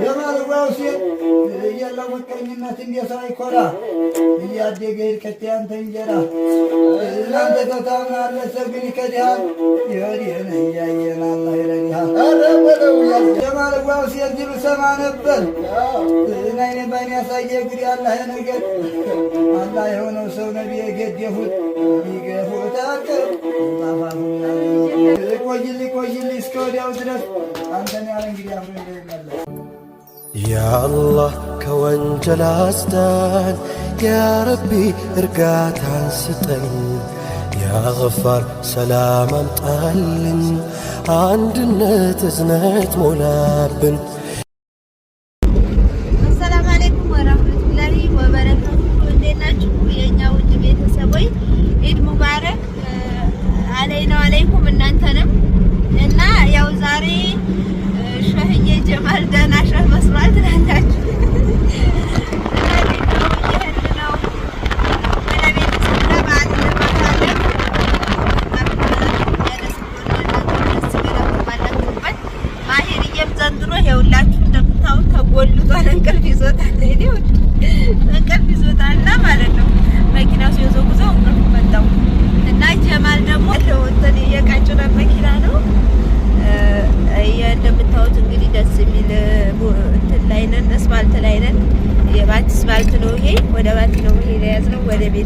የመርጓው ሴት እንዴት አይኮራ እያደገ ይድከት ያንተ እንጀራ እናንተ ተታምናለ ሰርግን ይከድሃል ይወዲህን እያየን አላህ ይረድሃል። የመርጓው ሴት ሰማ ነበር ናይኔ ባይን ያሳየ እንግዲህ አላህ ነገር አላህ የሆነው ሰው ነቢየ ገደፉት ይገፉ ያአላህ ከወንጀል አጽዳን፣ ያረቢ እርጋታን ስጠን፣ ያገፋር ሰላም አምጣልን፣ አንድነት እዝነት ሞላብን።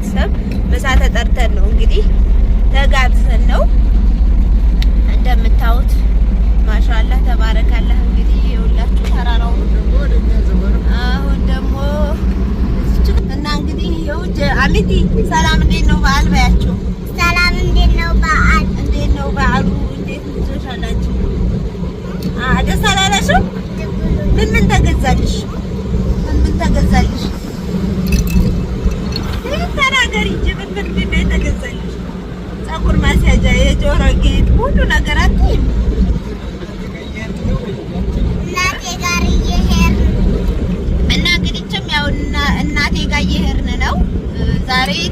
ቤተሰብ ምሳ ተጠርተን ነው እንግዲህ ተጋብዘን ነው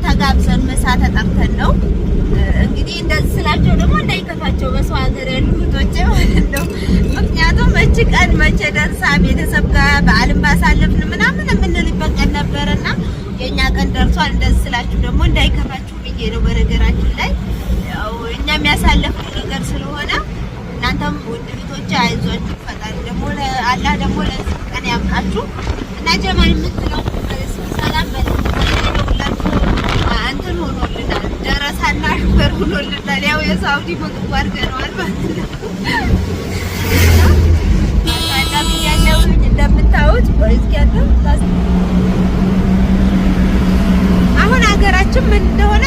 ተጋብዘን ምሳ ተጠርተን ነው እንግዲህ እንደዚህ ስላቸው ደግሞ እንዳይከፋቸው በሰው ሀገር ያሉ እህቶቼ ማለት ነው። ምክንያቱም መች ቀን መቼ ደርሳ ቤተሰብ ጋር በዓልን ባሳለፍን ምናምን የምንልበት ቀን ነበረና የእኛ ቀን ደርሷል። እንደዚህ ስላችሁ ደግሞ እንዳይከፋችሁ ብዬ ነው። በነገራችን ላይ ያው እኛም ያሳለፍነው ነገር ስለሆነ እናንተም ውድ እህቶቼ አይዟችሁ። ፈጣሪ ደግሞ አላህ ደግሞ ለዚህ ቀን ያብቃችሁ እና ጀማል የምትለው ሰላም በለ እንትን ሆኖልናል። ደረሳና ሹፌር ሆኖልናል። ያው የሳውዲ ምግብ አድርገነዋል ማለት ነው። እንደምታዩት ወይስ ያለው አሁን ሀገራችን ምን እንደሆነ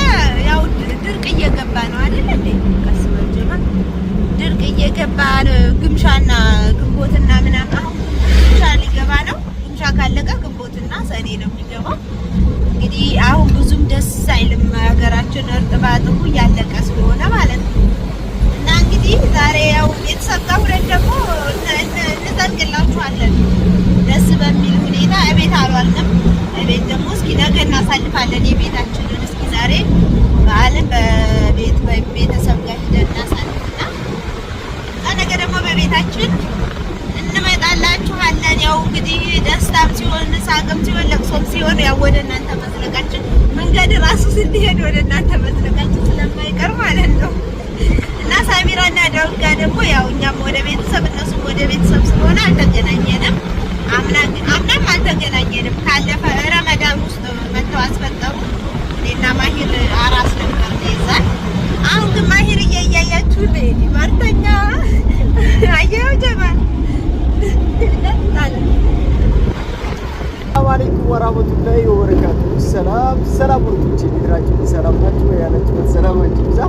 ያው ድርቅ እየገባ ነው አይደል እንዴ? ድርቅ እየገባ ግምሻና ግንቦትና ምናምን አሁን ግምሻ ሊገባ ነው። ግምሻ ካለቀ ግንቦትና ሰኔ ነው የሚገባው። አይልም። ሀገራችን እርጥባጥቡ እያለቀ ስለሆነ ማለት ነው። እና እንግዲህ ዛሬ ያው የተሰጠ ሁለት ደግሞ እንጠልቅላችኋለን። ደስ በሚል ሁኔታ እቤት አሏልንም። እቤት ደግሞ እስኪ ነገ እናሳልፋለን የቤታችንን። እስኪ ዛሬ በዓልን በቤት ወይም ቤተሰብ ጋር ሂደን እናሳልፍና ነገ ደግሞ በቤታችን እንመጣላችኋለን። ያው እንግዲህ ደስታም ሲሆን፣ ሳቅም ሲሆን፣ ለቅሶም ሲሆን ያው ወደ እናንተ መዝለቃችን መንገድ ራሱ ስንሄድ ወደ እናንተ መዝለቃችሁ ስለማይቀር ማለት ነው እና ሳሚራና ዳዊት ጋር ደግሞ ያው እኛም ወደ ቤተሰብ እነሱም ወደ ቤተሰብ ስለሆነ አልተገናኘንም። አምናም አልተገናኘንም። ካለፈ ረመዳን ውስጥ መተው አስፈጠሩ እና ማሂር አራስ ነበር ይዛል። አሁን ግን ማሂር እያያያችሁ ሄድ ማርተኛ አየው ጀማል አሰላሙ አለይኩም ወራህመቱላሂ ሰላም ሰላም ወንድሞች የሚድራችሁ ሰላም ናችሁ ያለችበት ሰላማችሁ ብዛ።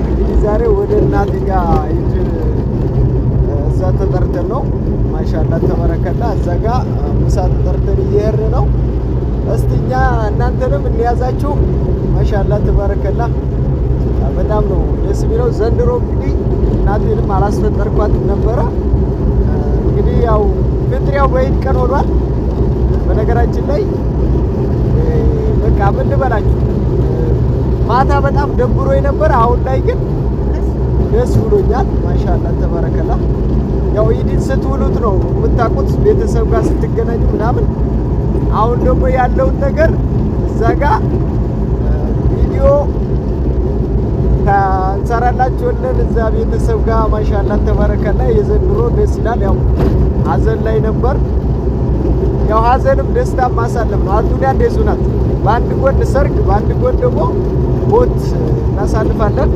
እንግዲህ ዛሬ ወደ እናቴ ጋር ይድር እዛ ተጠርተን ነው ማሻላ ተበረከላ እዛ ጋ ምሳ ተጠርተን እየሄድን ነው። እስቲ እኛ እናንተንም እንያዛችሁ ማሻላ ተመረከላ። በጣም ነው ደስ የሚለው ዘንድሮ እንግዲህ እናቴንም አላስፈጠርኳት ነበረ ልበላችሁ ማታ በጣም ደብሮ የነበረ አሁን ላይ ግን ደስ ብሎኛል። ማሻአላ ተበረከላ። ያው ኢድን ስትውሉት ነው የምታውቁት፣ ቤተሰብ ጋር ስትገናኙ ምናምን። አሁን ደግሞ ያለውን ነገር እዛ ጋር ቪዲዮ እንሰራላችኋለን እዛ ቤተሰብ ጋር ማሻላ ተበረከላ። የዘንድሮ ደስ ይላል። ያው ሀዘን ላይ ነበር። ያው ሀዘንም ደስታ ማሳለፍ ነው። አዱንያ እንደዙ ናት። በአንድ ጎን ሰርግ፣ በአንድ ጎን ደግሞ ሞት እናሳልፋለን።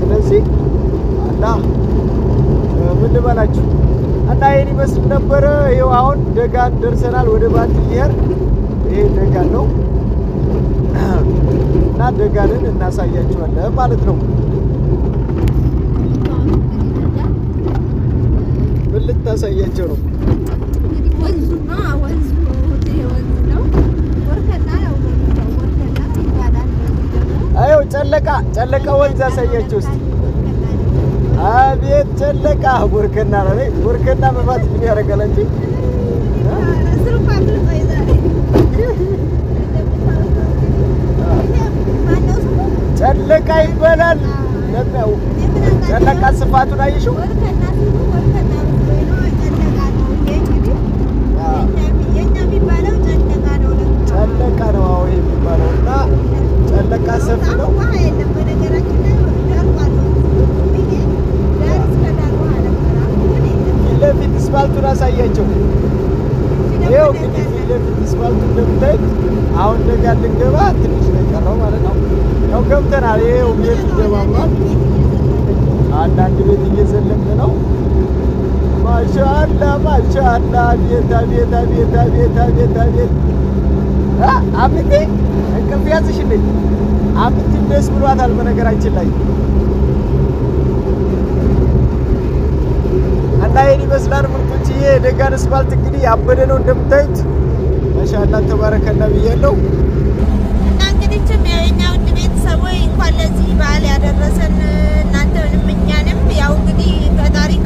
ስለዚህ አላ ምን ልበላችሁ እና ይህን ይመስል ነበረ። ይኸው አሁን ደጋን ደርሰናል። ወደ ባንድ ሊሄድ ይሄ ደጋን ነው እና ደጋንን እናሳያችኋለን ማለት ነው። ምን ልታሳያቸው ነው? ጨለቃ ጨለቃ ወንዝ ያሳየች ውስጥ አቤት ጨለቃ ጉርክና ነው። ጉርክና መፋት ምን ያደርጋል እንጂ ጨለቃ ይበላል። ጨለቃ ስፋቱን አይሽው ለካ ሰፊ ነው። ፊት ለፊት እስፋልቱን አሳያቸው። ይኸው እንግዲህ ፊት ለፊት እስፋልቱ እንደምታዩት አሁን ደጋ ልንገባ ትንሽ ነው የቀረው ማለት ነው። ያው ገብተናል። ይኸው ቤቱ ገባማል። አንዳንድ ቤት እየዘለቅን ነው። ማሻአላ ማሻአላ ቤት አቤት አቤት አቤት አቤት አቤት አምንቴ እንቅልፍ ያዝሽልኝ። አምንቴ ደስ ብሏታል። በነገራችን ላይ እና ይሄን ይመስላል ምርጦችዬ። የደጋን አስፋልት እንግዲህ ያበደ ነው እንደምታዩት። ማሻአላ ተባረከና ብያለሁ። እና እንግዲህ የእኛ ውድ ቤተሰቦች እንኳን ለዚህ በዓል ያደረሰን እናንተንም እኛንም ያው እንግዲህ በታሪክ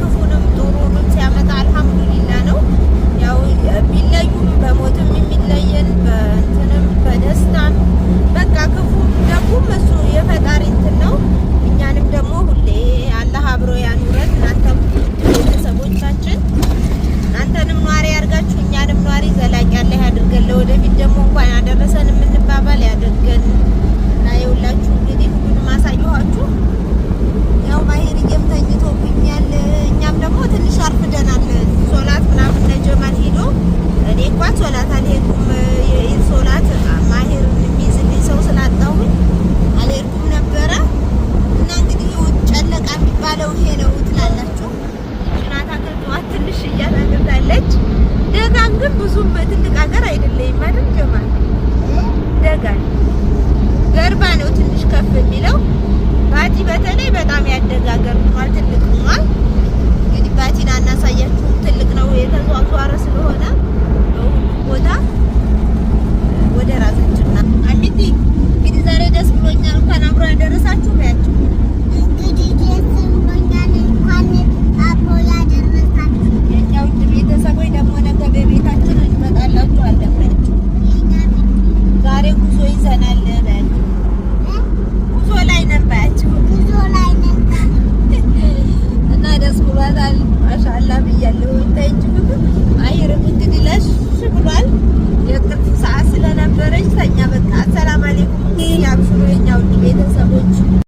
አደረሰን የምንባባል ያደርገን እና የሁላችሁ እንግዲህ ሁሉንም አሳየኋችሁ። ያው ማሄርዬም ተኝቶብኛል። እኛም ደግሞ ትንሽ አርፍደናል። ሶላት ምናምን ለጀማል ሄዶ እኔ እንኳን ሶላት አልሄድኩም። ሶላት ማሄር የሚይዝልኝ ሰው ስላጣሁኝ አልሄድኩም ነበረ እና እንግዲህ ጨለቃ የሚባለው ይሄ ነው ትላላችሁ። ትንሽ እያላገታለች ደጋን ግን ብዙም ትልቅ ሀገር አይደለይም አይደል ጀማል ያደጋል። ገርባ ነው ትንሽ ከፍ የሚለው። ባቲ በተለይ በጣም ያደጋገር ሆኗል፣ ትልቅ ሆኗል። እንግዲህ ባቲን አናሳያችሁ፣ ትልቅ ነው የተዟዟረ ስለሆነ ቦታ ወደ ራሳችን